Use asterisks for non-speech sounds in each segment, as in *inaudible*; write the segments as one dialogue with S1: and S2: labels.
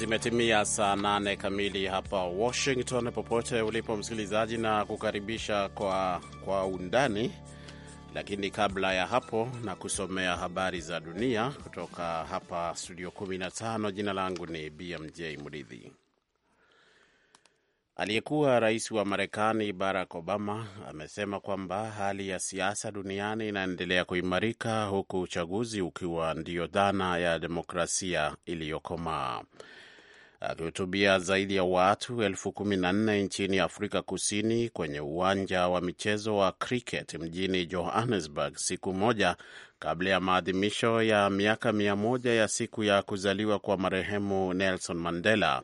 S1: Zimetimia saa nane kamili hapa Washington, popote ulipo msikilizaji, na kukaribisha kwa, kwa undani. Lakini kabla ya hapo, na kusomea habari za dunia kutoka hapa studio 15. Jina langu ni BMJ Mridhi. Aliyekuwa rais wa Marekani Barack Obama amesema kwamba hali ya siasa duniani inaendelea kuimarika huku uchaguzi ukiwa ndio dhana ya demokrasia iliyokomaa akihutubia zaidi ya watu elfu kumi na nne nchini Afrika Kusini kwenye uwanja wa michezo wa cricket mjini Johannesburg siku moja kabla ya maadhimisho ya miaka mia moja ya siku ya kuzaliwa kwa marehemu Nelson Mandela.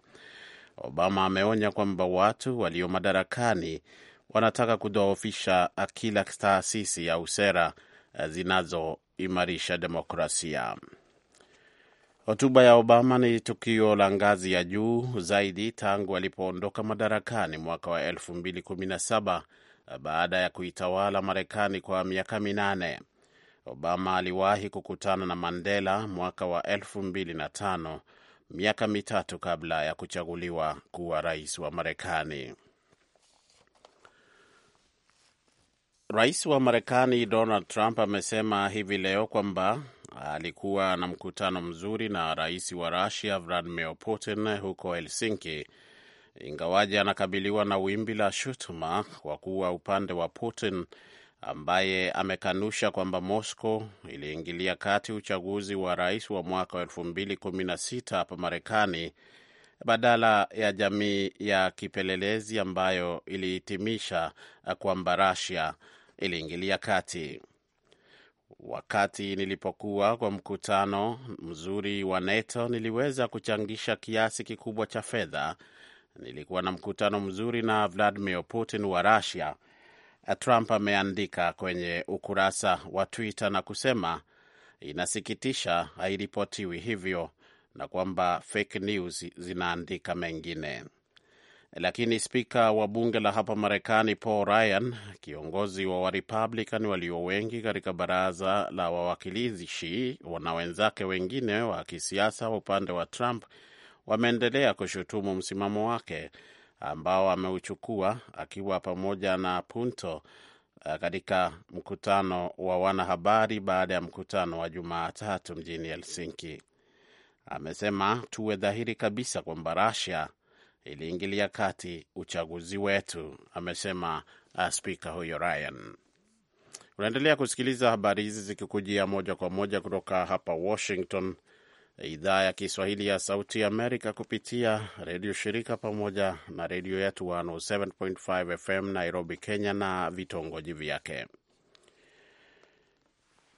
S1: Obama ameonya kwamba watu walio madarakani wanataka kudhoofisha kila taasisi au sera zinazoimarisha demokrasia. Hotuba ya Obama ni tukio la ngazi ya juu zaidi tangu alipoondoka madarakani mwaka wa 2017 baada ya kuitawala Marekani kwa miaka minane. Obama aliwahi kukutana na Mandela mwaka wa 2005, miaka mitatu kabla ya kuchaguliwa kuwa rais wa Marekani. Rais wa Marekani Donald Trump amesema hivi leo kwamba alikuwa na mkutano mzuri na rais wa Rusia Vladimir Putin huko Helsinki, ingawaji anakabiliwa na wimbi la shutuma kwa kuwa upande wa Putin ambaye amekanusha kwamba Moscow iliingilia kati uchaguzi wa rais wa mwaka wa 2016 hapa Marekani badala ya jamii ya kipelelezi ambayo ilihitimisha kwamba Russia iliingilia kati. Wakati nilipokuwa kwa mkutano mzuri wa NATO niliweza kuchangisha kiasi kikubwa cha fedha. Nilikuwa na mkutano mzuri na Vladimir Putin wa Russia, Trump ameandika kwenye ukurasa wa Twitter na kusema inasikitisha hairipotiwi hivyo na kwamba fake news zinaandika mengine. Lakini spika wa bunge la hapa Marekani Paul Ryan, kiongozi wa Warepublican walio wengi katika baraza la wawakilishi, na wenzake wengine wa kisiasa wa upande wa Trump wameendelea kushutumu msimamo wake ambao ameuchukua akiwa pamoja na Punto eh, katika mkutano wa wanahabari baada ya mkutano wa Jumatatu mjini Helsinki. Amesema tuwe dhahiri kabisa kwamba Russia iliingilia kati uchaguzi wetu, amesema uh, spika huyo Ryan. Unaendelea kusikiliza habari hizi zikikujia moja kwa moja kutoka hapa Washington, idhaa ya Kiswahili ya Sauti Amerika, kupitia redio shirika pamoja na redio yetu 107.5 FM Nairobi, Kenya na vitongoji vyake.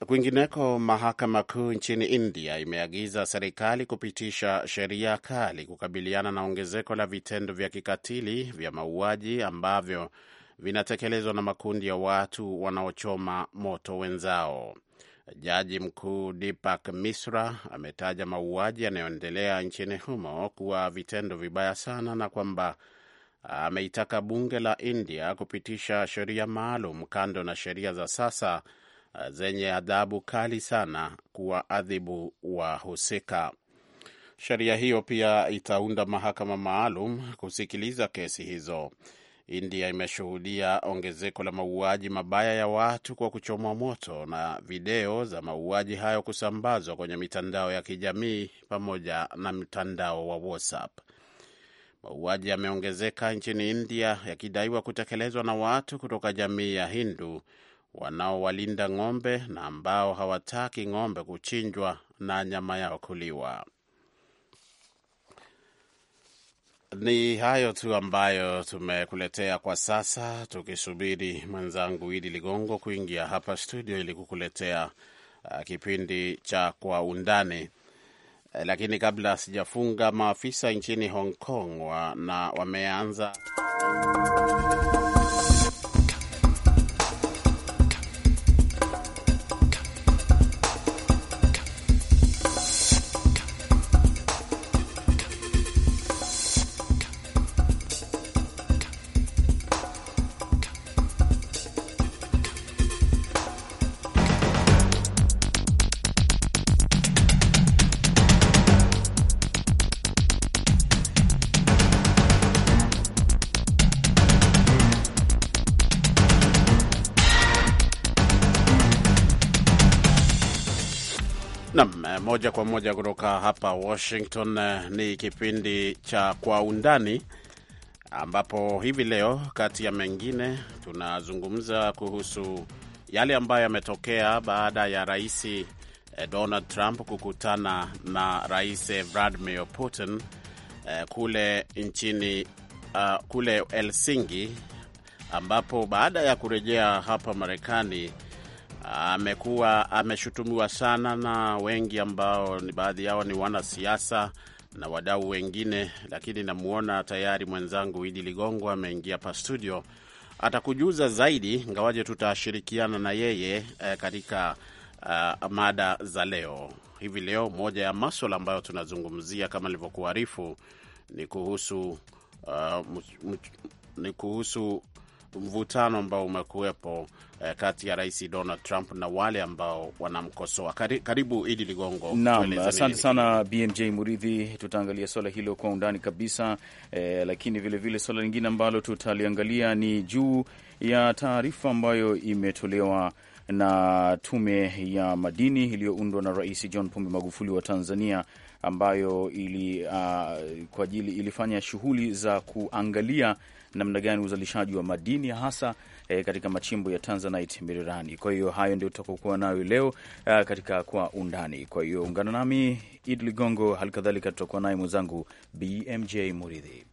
S1: Kwingineko, mahakama kuu nchini India imeagiza serikali kupitisha sheria kali kukabiliana na ongezeko la vitendo vya kikatili vya mauaji ambavyo vinatekelezwa na makundi ya watu wanaochoma moto wenzao. Jaji mkuu Deepak Misra ametaja mauaji yanayoendelea nchini humo kuwa vitendo vibaya sana na kwamba ameitaka bunge la India kupitisha sheria maalum kando na sheria za sasa zenye adhabu kali sana kuwa wa wahusika. Sheria hiyo pia itaunda mahakama maalum kusikiliza kesi hizo. India imeshuhudia ongezeko la mauaji mabaya ya watu kwa kuchomwa moto na video za mauaji hayo kusambazwa kwenye mitandao ya kijamii pamoja na mtandao wa WhatsApp. Mauaji yameongezeka nchini India yakidaiwa kutekelezwa na watu kutoka jamii ya Hindu wanaowalinda ng'ombe na ambao hawataki ng'ombe kuchinjwa na nyama yao kuliwa. Ni hayo tu ambayo tumekuletea kwa sasa, tukisubiri mwenzangu Idi Ligongo kuingia hapa studio ili kukuletea uh, kipindi cha Kwa Undani. Eh, lakini kabla sijafunga, maafisa nchini Hong Kong wa, na wameanza Moja kwa moja kutoka hapa Washington eh, ni kipindi cha Kwa Undani, ambapo hivi leo, kati ya mengine, tunazungumza kuhusu yale ambayo yametokea baada ya Rais eh, Donald Trump kukutana na Rais eh, Vladimir Putin kule nchini ah, kule Helsinki, ambapo baada ya kurejea hapa Marekani amekuwa ameshutumiwa sana na wengi ambao ni baadhi yao ni wanasiasa na wadau wengine, lakini namwona tayari mwenzangu Idi Ligongo ameingia hapa studio, atakujuza zaidi, ngawaje tutashirikiana na yeye eh, katika uh, mada za leo. Hivi leo moja ya maswala ambayo tunazungumzia kama nilivyokuarifu ni kuhusu uh, ni kuhusu mvutano ambao umekuwepo eh, kati ya Rais Donald Trump na wale ambao wanamkosoa. Karibu Idi Ligongo. Naam, asante
S2: sana BMJ Muridhi, tutaangalia swala hilo kwa undani kabisa eh, lakini vilevile swala lingine ambalo tutaliangalia ni juu ya taarifa ambayo imetolewa na tume ya madini iliyoundwa na Rais John Pombe Magufuli wa Tanzania ambayo ili, uh, kwa ajili ilifanya shughuli za kuangalia namna gani uzalishaji wa madini hasa eh, katika machimbo ya Tanzanite Mirirani. Kwa hiyo hayo ndio tutakokuwa nayo leo uh, katika kwa undani. Kwa hiyo ungana nami Idi Ligongo, halikadhalika tutakuwa naye mwenzangu BMJ Muridhi.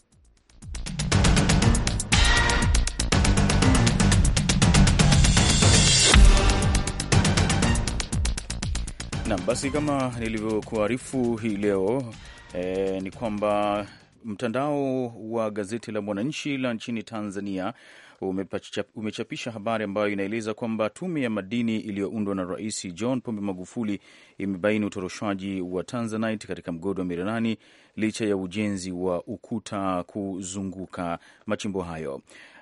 S2: Nam, basi kama nilivyokuarifu hii leo eh, ni kwamba mtandao wa gazeti la Mwananchi la nchini Tanzania umechapisha habari ambayo inaeleza kwamba tume ya madini iliyoundwa na Rais John Pombe Magufuli imebaini utoroshwaji wa Tanzanite katika mgodi wa Mirerani licha ya ujenzi wa ukuta kuzunguka machimbo hayo.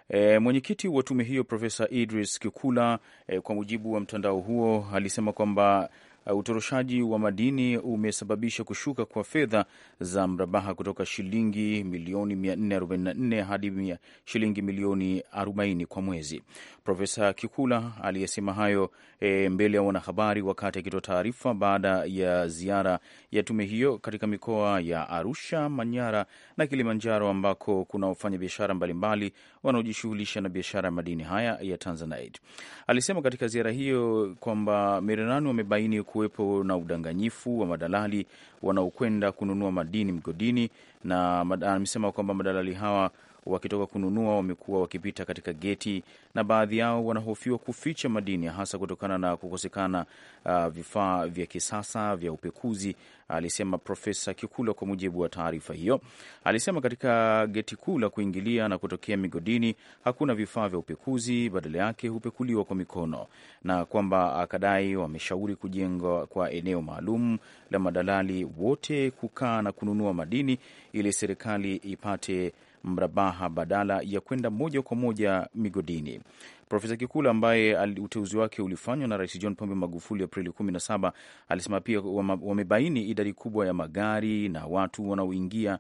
S2: E, mwenyekiti wa tume hiyo Profesa Idris Kikula, e, kwa mujibu wa mtandao huo alisema kwamba Uh, utoroshaji wa madini umesababisha kushuka kwa fedha za mrabaha kutoka shilingi milioni 444 hadi shilingi milioni 40 kwa mwezi. Profesa Kikula aliyesema hayo e, mbele ya wanahabari wakati akitoa taarifa baada ya ziara ya tume hiyo katika mikoa ya Arusha, Manyara na Kilimanjaro ambako kuna wafanyabiashara mbalimbali wanaojishughulisha na biashara ya madini haya ya Tanzanite. Alisema katika ziara hiyo kwamba Mererani wamebaini kuwepo na udanganyifu wa madalali wanaokwenda kununua madini mgodini, na amesema kwamba madalali hawa wakitoka kununua wamekuwa wakipita katika geti na baadhi yao wanahofiwa kuficha madini hasa kutokana na kukosekana uh, vifaa vya kisasa vya upekuzi alisema Profesa Kikula. Kwa mujibu wa taarifa hiyo, alisema katika geti kuu la kuingilia na kutokea migodini hakuna vifaa vya upekuzi, badala yake hupekuliwa kwa mikono, na kwamba akadai wameshauri kujengwa kwa eneo maalum la madalali wote kukaa na kununua madini ili serikali ipate mrabaha badala ya kwenda moja kwa moja migodini. Profesa Kikula ambaye uteuzi wake ulifanywa na Rais John Pombe Magufuli Aprili 17 alisema pia wamebaini idadi kubwa ya magari na watu wanaoingia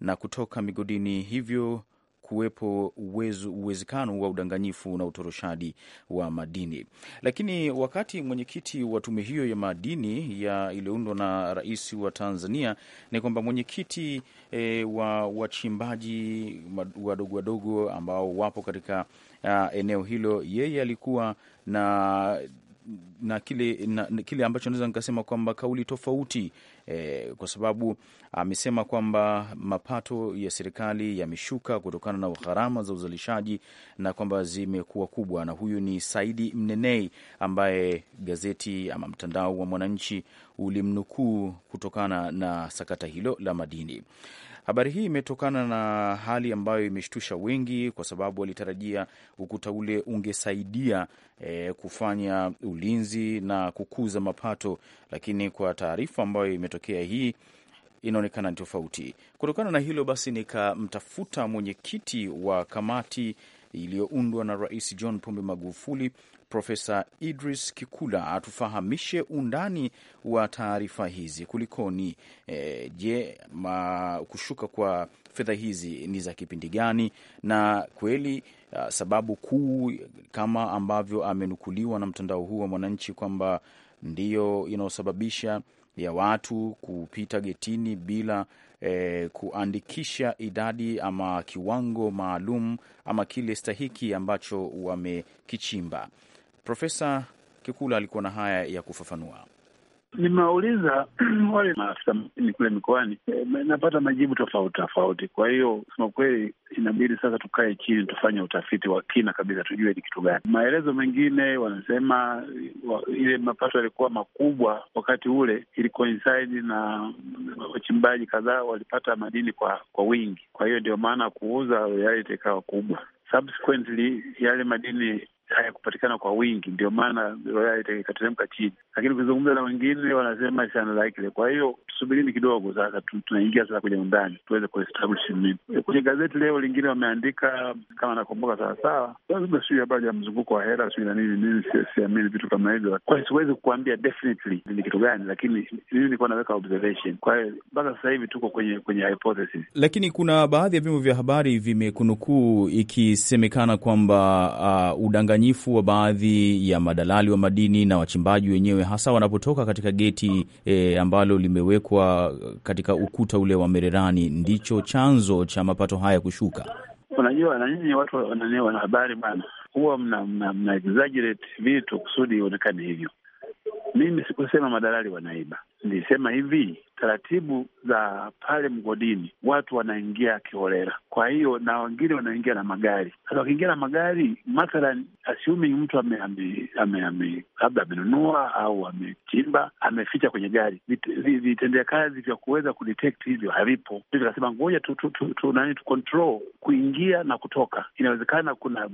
S2: na kutoka migodini, hivyo kuwepo uwezekano wa udanganyifu na utoroshaji wa madini. Lakini wakati mwenyekiti wa tume hiyo ya madini ya iliyoundwa na rais wa Tanzania ni kwamba mwenyekiti e, wa wachimbaji wadogo wadogo ambao wapo katika uh, eneo hilo, yeye alikuwa na na kile, na, kile ambacho naweza nikasema kwamba kauli tofauti eh, kwa sababu amesema kwamba mapato ya serikali yameshuka kutokana na gharama za uzalishaji na kwamba zimekuwa kubwa. Na huyu ni Saidi Mnenei ambaye gazeti ama mtandao wa Mwananchi ulimnukuu kutokana na sakata hilo la madini. Habari hii imetokana na hali ambayo imeshtusha wengi, kwa sababu walitarajia ukuta ule ungesaidia e, kufanya ulinzi na kukuza mapato, lakini kwa taarifa ambayo imetokea hii inaonekana ni tofauti. Kutokana na hilo basi, nikamtafuta mwenyekiti wa kamati iliyoundwa na Rais John Pombe Magufuli Profesa Idris Kikula atufahamishe undani wa taarifa hizi kulikoni. E, je, kushuka kwa fedha hizi ni za kipindi gani? Na kweli Uh, sababu kuu kama ambavyo amenukuliwa na mtandao huu wa Mwananchi kwamba ndiyo inayosababisha ya watu kupita getini bila e, kuandikisha idadi ama kiwango maalum ama kile stahiki ambacho wamekichimba. Profesa Kikula alikuwa na haya ya kufafanua.
S3: Nimewauliza *clears throat* wale maafisa ni kule mikoani e, napata majibu tofauti tofauti. Kwa hiyo kusema kweli, inabidi sasa tukae chini tufanye utafiti wa kina kabisa, tujue ni kitu gani. Maelezo mengine wanasema wa, ile mapato yalikuwa makubwa wakati ule, ili coincide na wachimbaji kadhaa walipata madini kwa kwa wingi, kwa hiyo ndio maana kuuza royalty ikawa kubwa. Subsequently yale madini haya kupatikana kwa wingi, ndio maana ikateremka chini, lakini ukizungumza na wengine wanasema unlikely. Kwa hiyo tusubirini kidogo, sasa tunaingia sasa kwenye undani tuweze kuestablish nini. Kwenye gazeti leo lingine wameandika kama nakumbuka sawasawa, lazima sijui habari ya mzunguko wa hela sijui na nini nini, siamini vitu kama hivyo, kwa hiyo siwezi kukuambia definitely ni kitu gani, lakini mimi nilikuwa naweka observation. Kwa hiyo mpaka sasa hivi tuko kwenye kwenye hypothesis,
S2: lakini kuna baadhi ya vyombo vya habari vimekunukuu ikisemekana kwamba uh, udanganyi udanganyifu wa baadhi ya madalali wa madini na wachimbaji wenyewe, hasa wanapotoka katika geti e, ambalo limewekwa katika ukuta ule wa Mererani, ndicho chanzo cha mapato haya kushuka.
S3: Unajua, na nyinyi watu wanahabari bana huwa mna, mna, mna exaggerate vitu kusudi ionekane hivyo. Mimi sikusema madalali wanaiba, nilisema hivi, taratibu za pale mgodini watu wanaingia kiholela, kwa hiyo na wengine wanaingia na magari. Sasa wakiingia na magari, mathalan asiumi mtu ame, ame, ame, ame labda amenunua au amechimba ameficha kwenye gari, vitendea kazi vya kuweza kudetect hivyo havipo. Tukasema ngoja tu, tu, tu, tu, nani tu control kuingia na kutoka. Inawezekana kuna uh,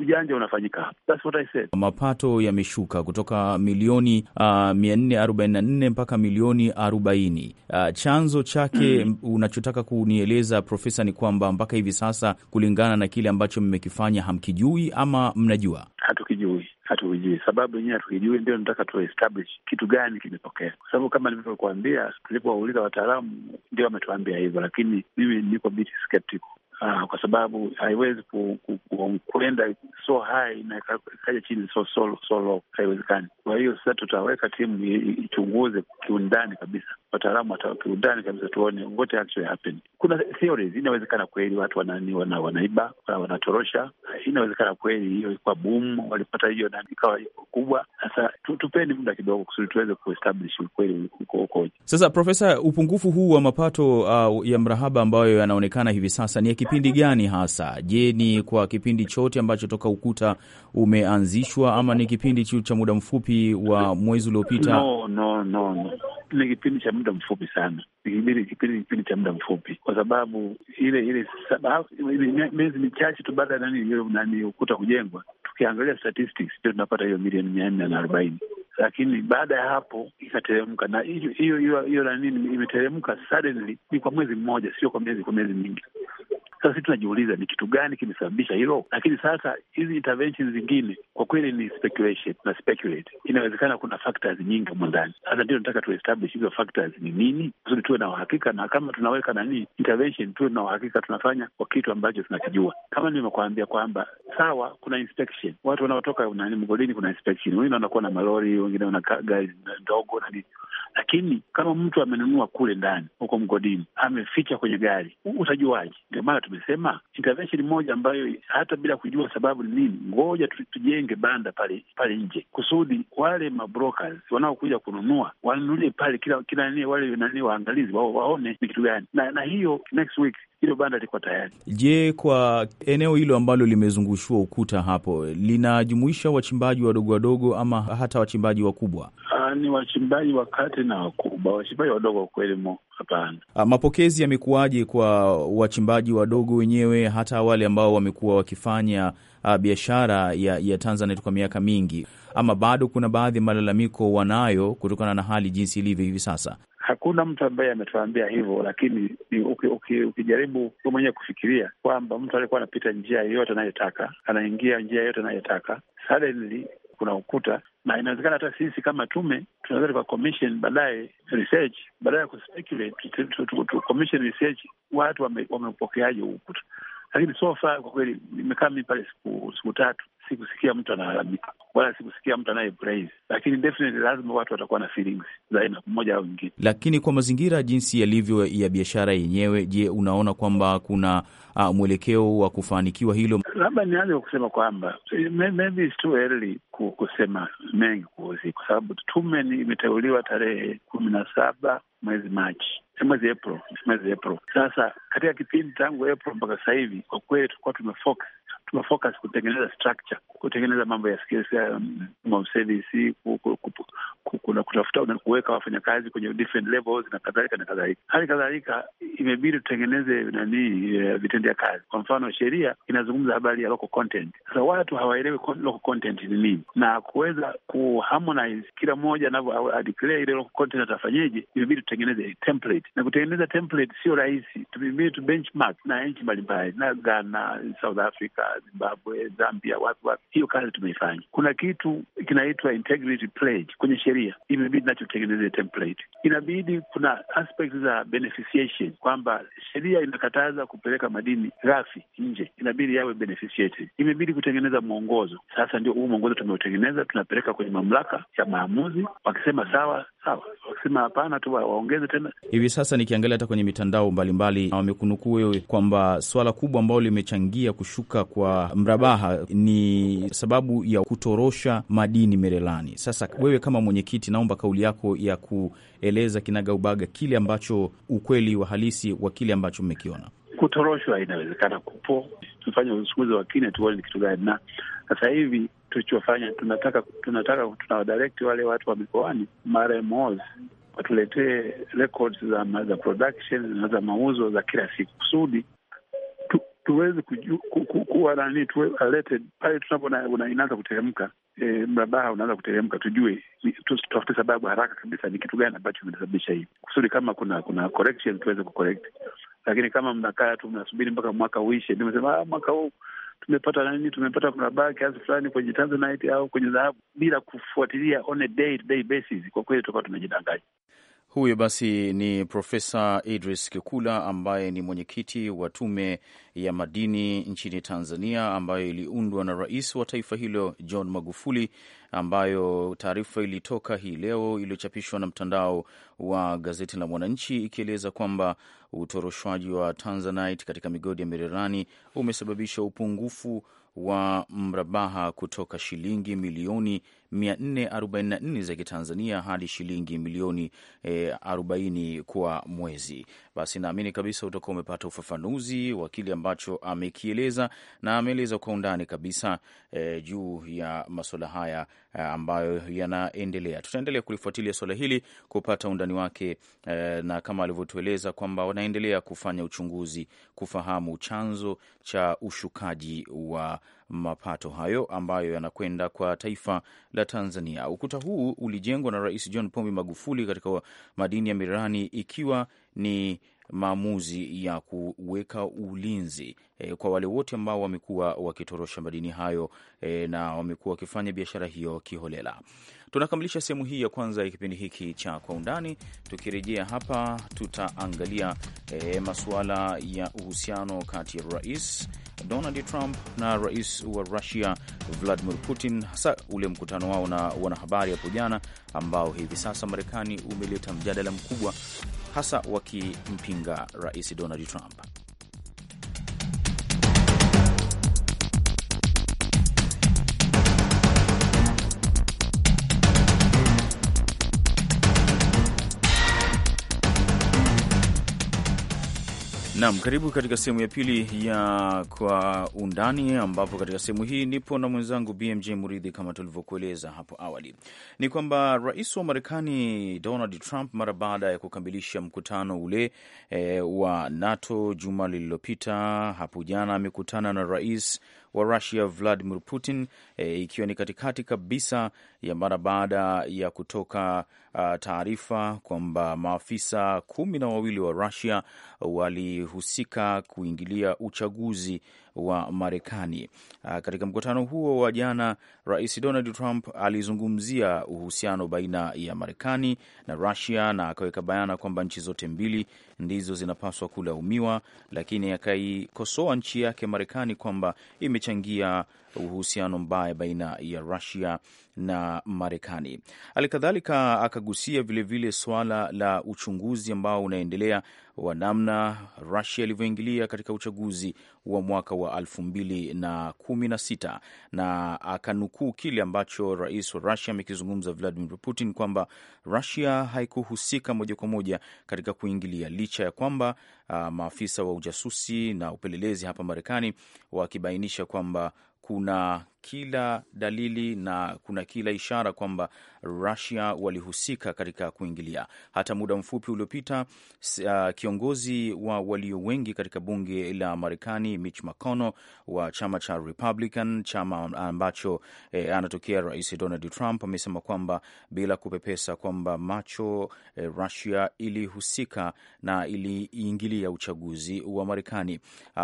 S3: ujanja unafanyika hapo. That's what I said.
S2: Mapato yameshuka kutoka milioni uh, mia nne arobaini na nne mpaka milioni arobaini. Uh, chanzo chake mm, unachotaka kunieleza Profesa ni kwamba mpaka hivi sasa kulingana na kile ambacho mmekifanya hamkijui ama mnajua?
S3: Hatukijui, hatukijui sababu yenyewe hatukijui, ndio nataka tu establish kitu gani kimetokea, kwa sababu kama nilivyokuambia, tulipowauliza wataalamu ndio wametuambia hivyo, lakini mimi niko biti skeptical uh, kwa sababu haiwezi kwenda so high na ikaja chini so, so, so low, haiwezekani. Kwa hiyo sasa tutaweka timu ichunguze kiundani kabisa, wataalamu wata kiundani kabisa, tuone what actually happened. Kuna theories, inawezekana kweli watu wanani, wana, wanaiba wanatorosha, inawezekana kweli hiyo ilikuwa boom, walipata hiyo na ikawa kubwa. Sasa tupeni muda kidogo kusudi tuweze kuestablish ukweli uko ukoje.
S2: Sasa Profesa, upungufu huu wa mapato uh, ya mrahaba ambayo yanaonekana hivi sasa ni kipindi gani hasa? Je, ni kwa kipindi chote ambacho toka Ukuta umeanzishwa ama ni kipindi cha muda mfupi
S3: wa mwezi uliopita? No, no, no, no, ni kipindi cha muda mfupi sana kipindi cha muda mfupi, kwa sababu ile ile miezi michache tu baada ya nani nani ukuta kujengwa, tukiangalia statistics ndio tunapata hiyo milioni mia nne na arobaini lakini baada ya hapo ikateremka, na hiyo hiyo nani imeteremka suddenly, ni kwa mwezi mmoja, sio kwa miezi kwa miezi mingi. Sasa sisi tunajiuliza ni kitu gani kimesababisha hilo, lakini sasa hizi intervention zingine kwa kweli ni speculation na speculate. Inawezekana kuna factors nyingi humo ndani. Sasa ndio nataka tuestablish hizo factors ni nini, kusudi tuwe na uhakika, na kama tunaweka nani intervention, tuwe na uhakika tunafanya kwa kitu ambacho tunakijua. Kama nimekuambia kwamba sawa, kuna inspection, watu wanaotoka nani mgodini, kuna inspection, wengine wanakuwa na malori, wengine wana gari ndogo nani lakini kama mtu amenunua kule ndani huko mgodini, ameficha kwenye gari, utajuaje? Ndio maana tumesema intervention moja ambayo hata bila kujua sababu ni nini, ngoja tujenge banda pale pale nje, kusudi wale mabrokers wanaokuja kununua wanunulie pale kila kila nini, wale nani waangalizi waone ni kitu gani, na na hiyo next week hilo banda liko tayari.
S2: Je, kwa eneo hilo ambalo limezungushiwa ukuta hapo linajumuisha wachimbaji wadogo wadogo ama hata wachimbaji wakubwa?
S3: Ah, ni wachimbaji wakati na wakubwa. Wachimbaji wadogo kweli mo hapana.
S2: Ah, mapokezi yamekuwaje kwa wachimbaji wadogo wenyewe, hata wale ambao wamekuwa wakifanya ah, biashara ya, ya Tanzanite kwa miaka mingi, ama bado kuna baadhi ya malalamiko wanayo kutokana na hali jinsi ilivyo hivi sasa?
S3: Hakuna mtu ambaye ametuambia hivyo, lakini ukijaribu we mwenyewe kufikiria kwamba mtu aliekuwa anapita njia yeyote anayotaka, anaingia njia yeyote anayotaka, suddenly kuna ukuta na inawezekana hata sisi kama tume tunaweza tuka commission baadaye research, baadaye kuspekulate commission research, watu wame, wamepokeaje ukuta. Lakini so far kwa kweli nimekaa mimi pale siku siku tatu, sikusikia mtu analalamika wala sikusikia mtu anaye praise, lakini definitely lazima watu watakuwa na feelings za aina mmoja au nyingine.
S2: Lakini kwa mazingira jinsi yalivyo ya biashara yenyewe, je, unaona kwamba kuna uh, mwelekeo wa kufanikiwa hilo?
S3: Labda nianze kwa kusema kwamba eh, maybe it's too early kusema mengi kuhusu, kwa sababu tume imeteuliwa tarehe kumi na saba mwezi Machi eh, mwezi April, mwezi April. Sasa katika kipindi tangu April mpaka sasa hivi, kwa kweli tulikuwa tumefocus tumefocus kutengeneza structure, kutengeneza mambo ya skills, um, service, kutafuta na kuweka wafanyakazi kwenye different levels na kadhalika na kadhalika. Hali kadhalika imebidi tutengeneze nani, uh, eh, vitendea kazi. Kwa mfano, sheria inazungumza habari ya local content. Sasa watu hawaelewi local content ni nini, na kuweza kuharmonize kila mmoja anavyo declare ile local content atafanyeje, imebidi tutengeneze template, na kutengeneza template sio rahisi. Tumebidi tu benchmark na nchi mbalimbali na Ghana, South Africa Zimbabwe, Zambia, wapi wapi. Hiyo kazi tumeifanya. Kuna kitu kinaitwa integrity pledge kwenye sheria, imebidi nachotengeneze template. Inabidi kuna aspect za beneficiation, kwamba sheria inakataza kupeleka madini ghafi nje, inabidi yawe beneficiated. Imebidi kutengeneza mwongozo. Sasa ndio huu mwongozo tumeutengeneza, tunapeleka kwenye mamlaka ya maamuzi, wakisema sawa sawa, sema hapana tu waongeze tena.
S2: Hivi sasa nikiangalia hata kwenye mitandao mbalimbali wamekunukuu wewe kwamba swala kubwa ambalo limechangia kushuka kwa mrabaha ni sababu ya kutorosha madini Merelani. Sasa wewe kama mwenyekiti, naomba kauli yako ya kueleza kinaga ubaga kile ambacho ukweli wa halisi wa kile ambacho mmekiona.
S3: Kutoroshwa inawezekana kupo, tufanye uchunguzi wa kina tuone ni kitu gani, na sasa hivi tulichofanya tunataka tunataka tunawadirect wale watu wa mikoani mara moja watuletee records za, za production na za mauzo za kila siku kusudi tu, tuweze kuwa nani tuwe alerted pale tunapo inaanza kuteremka E, mrabaha unaanza kuteremka, tujue tutafute sababu haraka kabisa, ni kitu gani ambacho imesababisha hivi, kusudi kama kuna kuna correction tuweze kucorrect. Lakini kama mnakaa tu mnasubiri mpaka mwaka uishe, nimesema ah, mwaka huu tumepata nini, tumepata mrabaa kiasi fulani kwenye tanzanite au kwenye dhahabu, bila kufuatilia on a day to day basis. Kwa kweli tutakuwa tumejidanganya.
S2: Huyo basi ni Profesa Idris Kikula ambaye ni mwenyekiti wa Tume ya Madini nchini Tanzania, ambayo iliundwa na rais wa taifa hilo John Magufuli ambayo taarifa ilitoka hii leo iliyochapishwa na mtandao wa gazeti la Mwananchi ikieleza kwamba utoroshwaji wa Tanzanite katika migodi ya Mererani umesababisha upungufu wa mrabaha kutoka shilingi milioni 444 za Kitanzania hadi shilingi milioni e, eh, 40 kwa mwezi. Basi naamini kabisa utakuwa umepata ufafanuzi wa kile ambacho amekieleza na ameeleza kwa undani kabisa e, juu ya masuala haya Eh, ambayo yanaendelea. Tutaendelea kulifuatilia suala hili kupata undani wake, eh, na kama alivyotueleza kwamba wanaendelea kufanya uchunguzi kufahamu chanzo cha ushukaji wa mapato hayo ambayo yanakwenda kwa taifa la Tanzania. Ukuta huu ulijengwa na Rais John Pombe Magufuli katika madini ya Mirerani ikiwa ni maamuzi ya kuweka ulinzi e, kwa wale wote ambao wamekuwa wakitorosha madini hayo e, na wamekuwa wakifanya biashara hiyo kiholela. Tunakamilisha sehemu hii ya kwanza ya kipindi hiki cha Kwa Undani. Tukirejea hapa, tutaangalia e, masuala ya uhusiano kati ya Rais Donald Trump na rais wa Russia Vladimir Putin, hasa ule mkutano wao na wanahabari hapo jana, ambao hivi sasa Marekani umeleta mjadala mkubwa hasa wakimpinga Rais Donald Trump. Naam, karibu katika sehemu ya pili ya Kwa Undani, ambapo katika sehemu hii nipo na mwenzangu BMJ Muridhi. Kama tulivyokueleza hapo awali, ni kwamba rais wa Marekani Donald Trump mara baada ya kukamilisha mkutano ule e, wa NATO juma lililopita, hapo jana amekutana na rais wa Rusia Vladimir Putin e, ikiwa ni katikati kabisa ya mara baada ya kutoka Uh, taarifa kwamba maafisa kumi na wawili wa Rusia walihusika kuingilia uchaguzi wa Marekani. Uh, katika mkutano huo wa jana, Rais Donald Trump alizungumzia uhusiano baina ya Marekani na Rusia na akaweka bayana kwamba nchi zote mbili ndizo zinapaswa kulaumiwa, lakini akaikosoa nchi yake Marekani kwamba imechangia uhusiano mbaya baina ya Rusia na Marekani. Halikadhalika akagusia vilevile vile swala la uchunguzi ambao unaendelea wa namna Rusia ilivyoingilia katika uchaguzi wa mwaka wa elfu mbili na kumi na sita na akanukuu kile ambacho rais wa Rusia amekizungumza Vladimir Putin kwamba Rusia haikuhusika moja kwa moja katika kuingilia, licha ya kwamba uh, maafisa wa ujasusi na upelelezi hapa Marekani wakibainisha kwamba kuna kila dalili na kuna kila ishara kwamba Rusia walihusika katika kuingilia. Hata muda mfupi uliopita, uh, kiongozi wa walio wengi katika bunge la Marekani Mitch McConnell wa chama cha Republican, chama ambacho eh, anatokea Rais Donald Trump amesema kwamba bila kupepesa kwamba macho eh, Rusia ilihusika na iliingilia uchaguzi wa Marekani.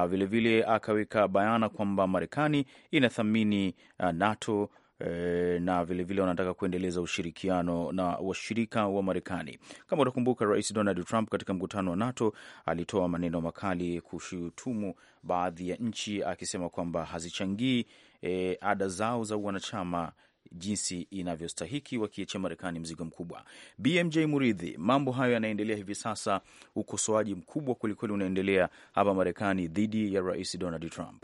S2: Vilevile ah, uh, akaweka bayana kwamba Marekani inathamini Marekani, uh, NATO eh, na vilevile vile wanataka kuendeleza ushirikiano na washirika wa Marekani. Kama utakumbuka, Rais Donald Trump katika mkutano wa NATO alitoa maneno makali kushutumu baadhi ya nchi akisema kwamba hazichangii e, ada zao za wanachama jinsi inavyostahiki, wakiachia Marekani mzigo mkubwa. BMJ Muridhi, mambo hayo yanaendelea hivi sasa, ukosoaji mkubwa kwelikweli unaendelea hapa Marekani dhidi ya Rais Donald Trump.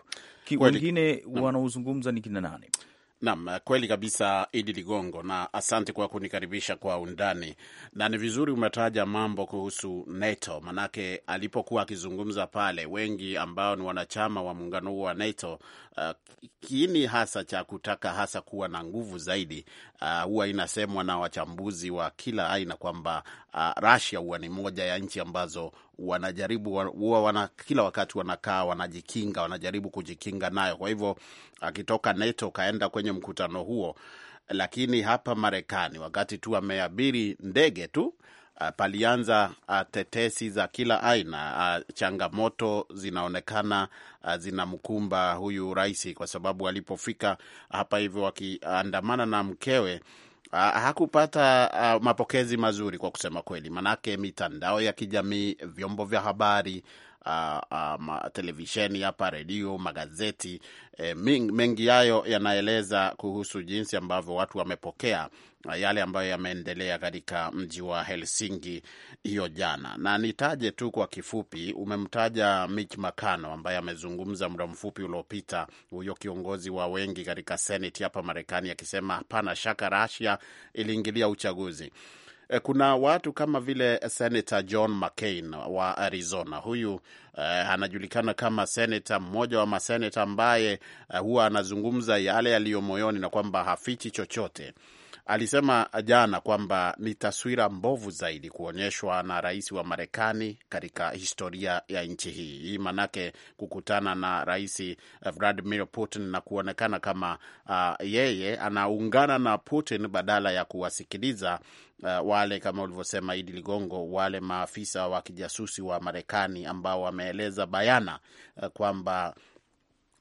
S2: Wengine wanaozungumza ni kina nani?
S1: Nam, kweli kabisa, Idi Ligongo, na asante kwa kunikaribisha kwa undani. Na ni vizuri umetaja mambo kuhusu NATO, manake alipokuwa akizungumza pale, wengi ambao ni wanachama wa muungano huo wa NATO, uh, kiini hasa cha kutaka hasa kuwa na nguvu zaidi uh, huwa inasemwa na wachambuzi wa kila aina kwamba uh, Russia huwa ni moja ya nchi ambazo wanajaribu huwa wana, kila wakati wanakaa wanajikinga, wanajaribu kujikinga nayo. Kwa hivyo akitoka NATO kaenda kwenye mkutano huo, lakini hapa Marekani wakati tu ameabiri ndege tu ah, palianza ah, tetesi za kila aina. Ah, changamoto zinaonekana zinamkumba huyu rais, kwa sababu alipofika hapa hivyo wakiandamana na mkewe hakupata mapokezi mazuri kwa kusema kweli, manake mitandao ya kijamii, vyombo vya habari uh, televisheni hapa, redio, magazeti e, mengi yayo yanaeleza kuhusu jinsi ambavyo watu wamepokea yale ambayo yameendelea katika mji wa Helsinki hiyo jana, na nitaje tu kwa kifupi. Umemtaja Mitch McConnell ambaye amezungumza muda mfupi uliopita, huyo kiongozi wa wengi katika seneti hapa Marekani, akisema hapana shaka Russia iliingilia uchaguzi. Eh, kuna watu kama vile Senator John McCain wa Arizona. Huyu uh, anajulikana kama senata mmoja wa maseneta ambaye uh, huwa anazungumza yale yaliyo moyoni na kwamba hafichi chochote alisema jana kwamba ni taswira mbovu zaidi kuonyeshwa na rais wa Marekani katika historia ya nchi hii. Hii maanake kukutana na rais eh, Vladimir Putin na kuonekana kama uh, yeye anaungana na Putin badala ya kuwasikiliza Uh, wale kama ulivyosema Idi Ligongo, wale maafisa wa kijasusi wa Marekani ambao wameeleza bayana uh, kwamba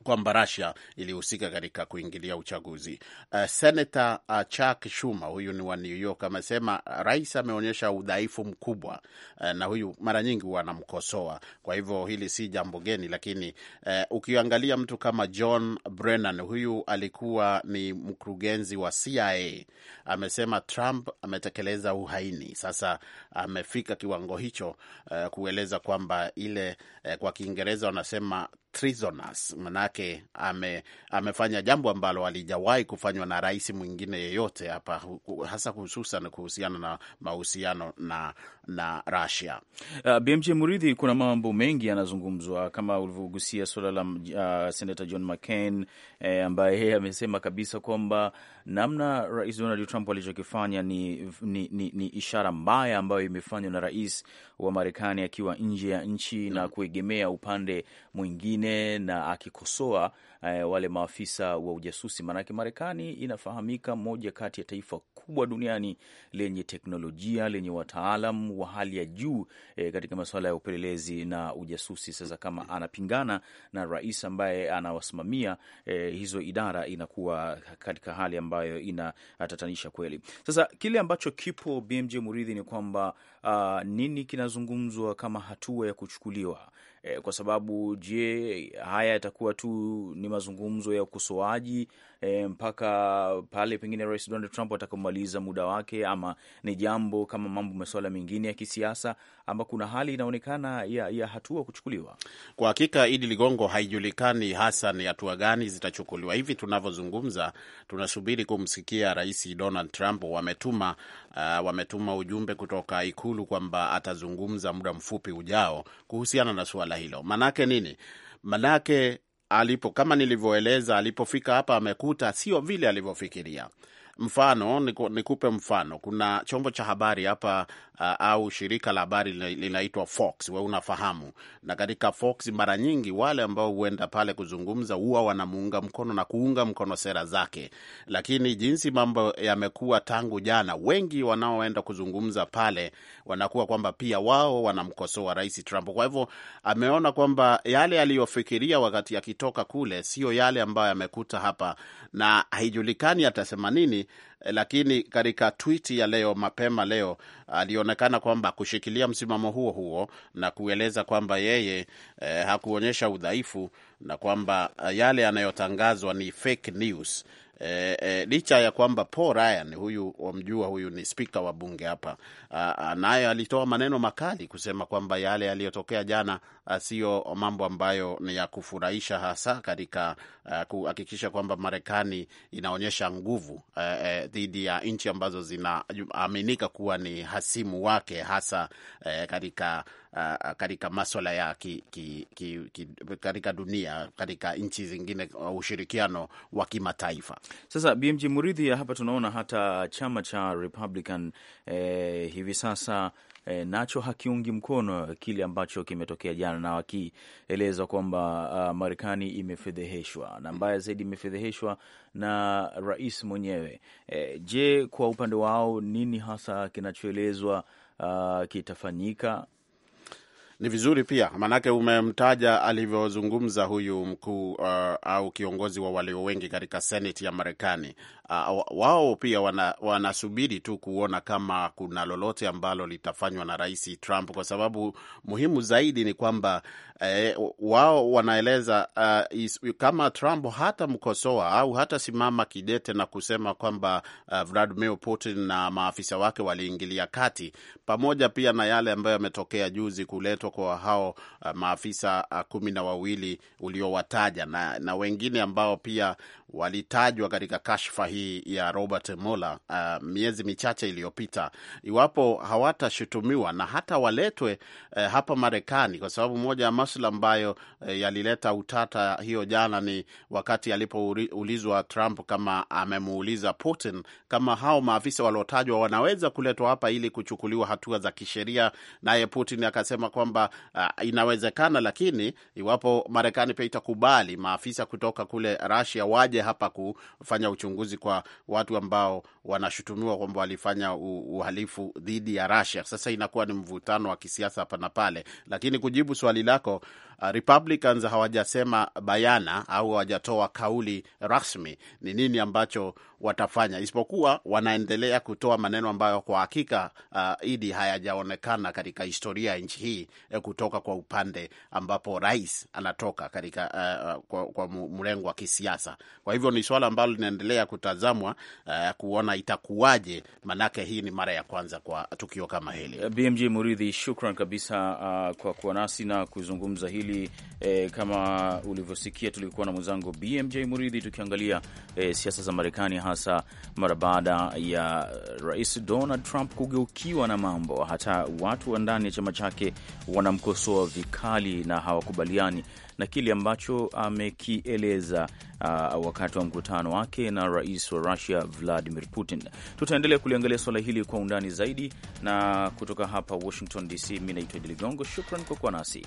S1: kwamba Russia ilihusika katika kuingilia uchaguzi. Uh, Senator uh, Chuck Schumer huyu ni wa New York amesema rais ameonyesha udhaifu mkubwa, uh, na huyu mara nyingi anamkosoa Kwa hivyo hili si jambo geni, lakini uh, ukiangalia mtu kama John Brennan, huyu alikuwa ni mkurugenzi wa CIA, amesema Trump ametekeleza uhaini. Sasa amefika kiwango hicho, uh, kueleza kwamba ile, uh, kwa Kiingereza wanasema treasonous, manake ame, amefanya jambo ambalo alijawahi kufanywa na rais mwingine yeyote hapa, hasa hususan kuhusiana na mahusiano na, na Russia. Uh, BMJ Muridhi,
S2: kuna mambo mengi yanazungumzwa kama ulivyogusia suala la uh, Senator John McCain eh, ambaye yeye amesema kabisa kwamba namna Rais Donald Trump alichokifanya ni, ni, ni, ni ishara mbaya ambayo imefanywa na rais wa Marekani akiwa nje ya nchi mm, na kuegemea upande mwingine nyingine na akikosoa eh, wale maafisa wa ujasusi. Maanake Marekani inafahamika moja kati ya taifa kubwa duniani lenye teknolojia lenye wataalam wa hali ya juu eh, katika masuala ya upelelezi na ujasusi. Sasa kama anapingana na rais ambaye anawasimamia eh, hizo idara, inakuwa katika hali ambayo inatatanisha kweli. Sasa kile ambacho kipo BMJ Muridhi ni kwamba uh, nini kinazungumzwa kama hatua ya kuchukuliwa Eh, kwa sababu je, haya yatakuwa tu ni mazungumzo ya ukosoaji e, mpaka pale pengine Rais Donald Trump atakamaliza muda wake, ama ni jambo kama mambo masuala mengine ya kisiasa, ama kuna hali inaonekana ya, ya hatua kuchukuliwa?
S1: Kwa hakika, Idi Ligongo, haijulikani hasa ni hatua gani zitachukuliwa. Hivi tunavyozungumza, tunasubiri kumsikia Rais Donald Trump. Wametuma uh, wametuma ujumbe kutoka Ikulu kwamba atazungumza muda mfupi ujao kuhusiana na suala hilo. Manake nini? Manake alipo, kama nilivyoeleza, alipofika hapa amekuta sio vile alivyofikiria mfano nikupe ni mfano, kuna chombo cha habari hapa uh, au shirika la habari linaitwa Fox, we unafahamu. Na katika Fox mara nyingi wale ambao huenda pale kuzungumza huwa wanamuunga mkono na kuunga mkono sera zake, lakini jinsi mambo yamekuwa tangu jana, wengi wanaoenda kuzungumza pale wanakuwa kwamba pia wao wanamkosoa Rais Trump. Kwa hivyo ameona kwamba yale aliyofikiria wakati akitoka kule sio yale ambayo yamekuta hapa, na haijulikani atasema nini Eh, lakini katika twiti ya leo mapema leo alionekana kwamba kushikilia msimamo huo huo na kueleza kwamba yeye eh, hakuonyesha udhaifu na kwamba eh, yale yanayotangazwa ni fake news. E, e, licha ya kwamba Paul Ryan huyu wamjua, huyu ni spika wa bunge hapa, ah, ah, naye alitoa maneno makali kusema kwamba yale yaliyotokea jana Ah, sio mambo ambayo ni ya kufurahisha, hasa katika ah, kuhakikisha kwamba Marekani inaonyesha nguvu eh, eh, dhidi ya nchi ambazo zinaaminika kuwa ni hasimu wake, hasa eh, katika Uh, katika maswala ya ki, ki, ki, ki, katika dunia katika nchi zingine uh, ushirikiano wa kimataifa. Sasa BMG Muridhi, hapa tunaona hata chama cha
S2: Republican eh, hivi sasa e, nacho hakiungi mkono kile ambacho kimetokea jana, na wakieleza kwamba uh, Marekani imefedheheshwa na mbaya zaidi imefedheheshwa na rais mwenyewe. E, je, kwa upande wao
S1: nini hasa kinachoelezwa uh, kitafanyika? Ni vizuri pia maanake umemtaja alivyozungumza huyu mkuu uh, au kiongozi wa walio wengi katika seneti ya Marekani uh, wao pia wana, wanasubiri tu kuona kama kuna lolote ambalo litafanywa na Rais Trump, kwa sababu muhimu zaidi ni kwamba eh, wao wanaeleza uh, is, kama Trump hata mkosoa au hata simama kidete na kusema kwamba uh, Vladimir Putin na maafisa wake waliingilia kati, pamoja pia na yale ambayo yametokea juzi kuletwa kwa hao uh, maafisa uh, kumi na wawili uliowataja na, na wengine ambao pia walitajwa katika kashfa hii ya Robert Mueller uh, miezi michache iliyopita, iwapo hawatashutumiwa na hata waletwe uh, hapa Marekani, kwa sababu moja ya masuala ambayo uh, yalileta utata hiyo jana ni wakati alipoulizwa Trump kama amemuuliza Putin kama hao maafisa waliotajwa wanaweza kuletwa hapa ili kuchukuliwa hatua za kisheria, naye Putin akasema kwamba uh, inawezekana, lakini iwapo Marekani pia itakubali maafisa kutoka kule Russia waje wamekuja hapa kufanya uchunguzi kwa watu ambao wanashutumiwa kwamba walifanya uhalifu dhidi ya Russia. Sasa inakuwa ni mvutano wa kisiasa hapa na pale, lakini kujibu swali lako Uh, Republicans hawajasema bayana au hawajatoa kauli rasmi ni nini ambacho watafanya, isipokuwa wanaendelea kutoa maneno ambayo kwa hakika uh, idi hayajaonekana katika historia ya nchi hii eh, kutoka kwa upande ambapo rais anatoka katika uh, uh kwa, kwa mrengo wa kisiasa. Kwa hivyo ni swala ambalo linaendelea kutazamwa uh, kuona itakuwaje, manake hii ni mara ya kwanza kwa tukio kama hili. BMJ Muridhi, shukran kabisa uh, kwa kuwa
S2: nasi na kuzungumza hili pili e, kama ulivyosikia tulikuwa na mwenzangu BMJ Muridhi tukiangalia e, siasa za Marekani, hasa mara baada ya Rais Donald Trump kugeukiwa na mambo. Hata watu wa ndani ya chama chake wanamkosoa vikali na hawakubaliani na kile ambacho amekieleza uh, wakati wa mkutano wake na rais wa Russia Vladimir Putin. Tutaendelea kuliangalia suala hili kwa undani zaidi, na kutoka hapa Washington DC, mi naitwa Idi Ligongo, shukran kwa kuwa nasi.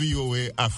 S3: VOA Africa.